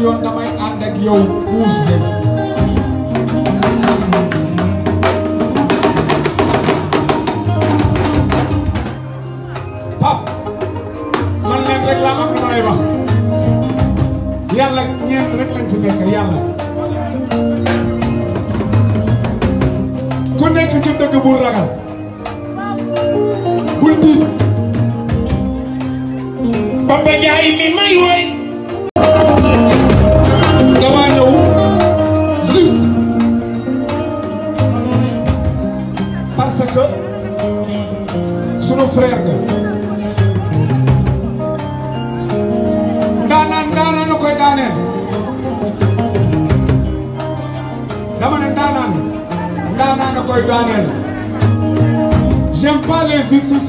ñetti yoon damay ànd ak yow puus dem pap man leen rek laa am lu may wax yàlla ñeent rek lañ fi nekk yàlla ku nekk ci dëgg bul ragal bul tiit Papa Njaay mi may woy parce que sunu frère nga ndaanaan na koy daaneel dama ne ndaanaan na koy daaneel j'aime pas les justices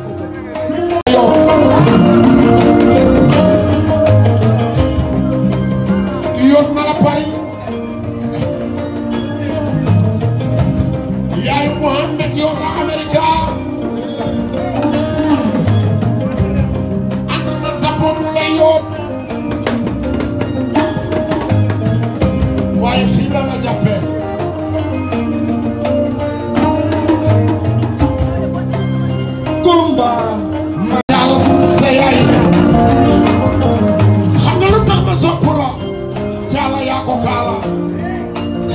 yaa ko kaala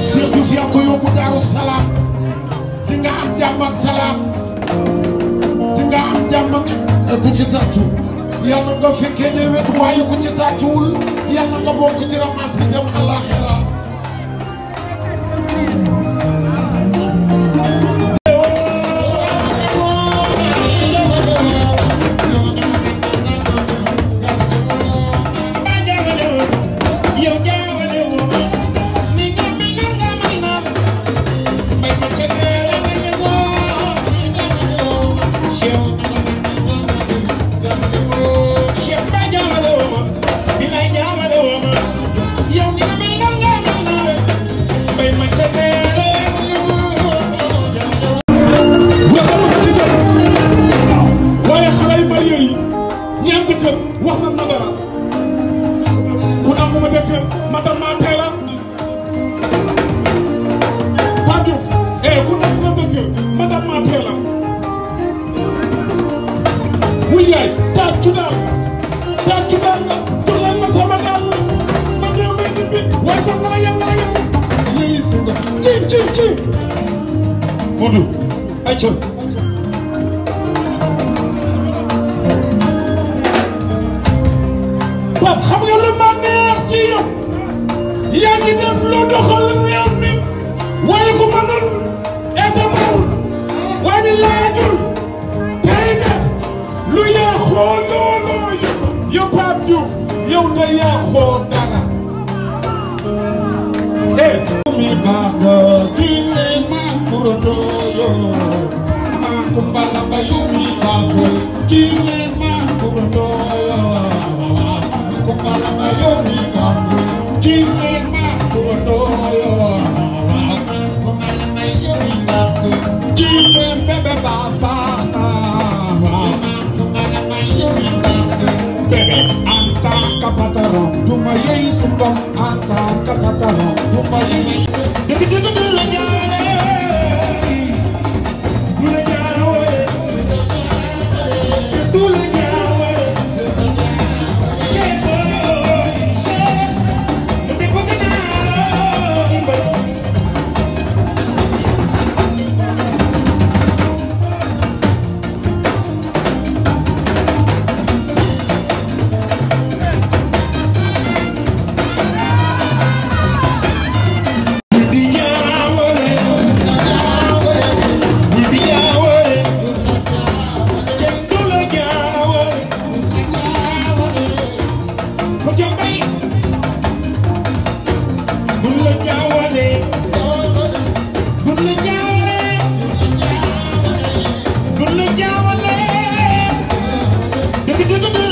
Cheikh Diouf yaa ko yóbbu Daaru Salaam di nga am jàmm ak salaam di nga am jàmm ak eh, ku ci tàccu yal na nga fekkee ne wet waaye ku ci tàccuwul yal na nga bokk ci ramas bi dem àllaaxira am na dara ku nangu ma dëkk ma dem maa tey la Pape Diouf eh ku nangu ma dëkk ma dem maa tey la wuy yaay tàccu daal tàccu daal la jox leen ma sama daal la ma ñëw may ñibbi waaye sax nga la yàlla la yàlla yéen si nga ci ci ci Modou ay yaa ngi def loo doxal réew mi waaye ku mënul étamul waaye laajul tey def lu yàqoo looloo yow Pape Diouf yow da yàqoo dara eh mi baax na di ne maa kurandoo yoo maa kumbala ba yow mi baaxul di ne en tant que patron du ma yey su bopp en tant que patron du ma yey. Look at, look at, look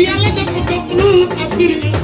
yàlla def ko topp loolu ab sëriñam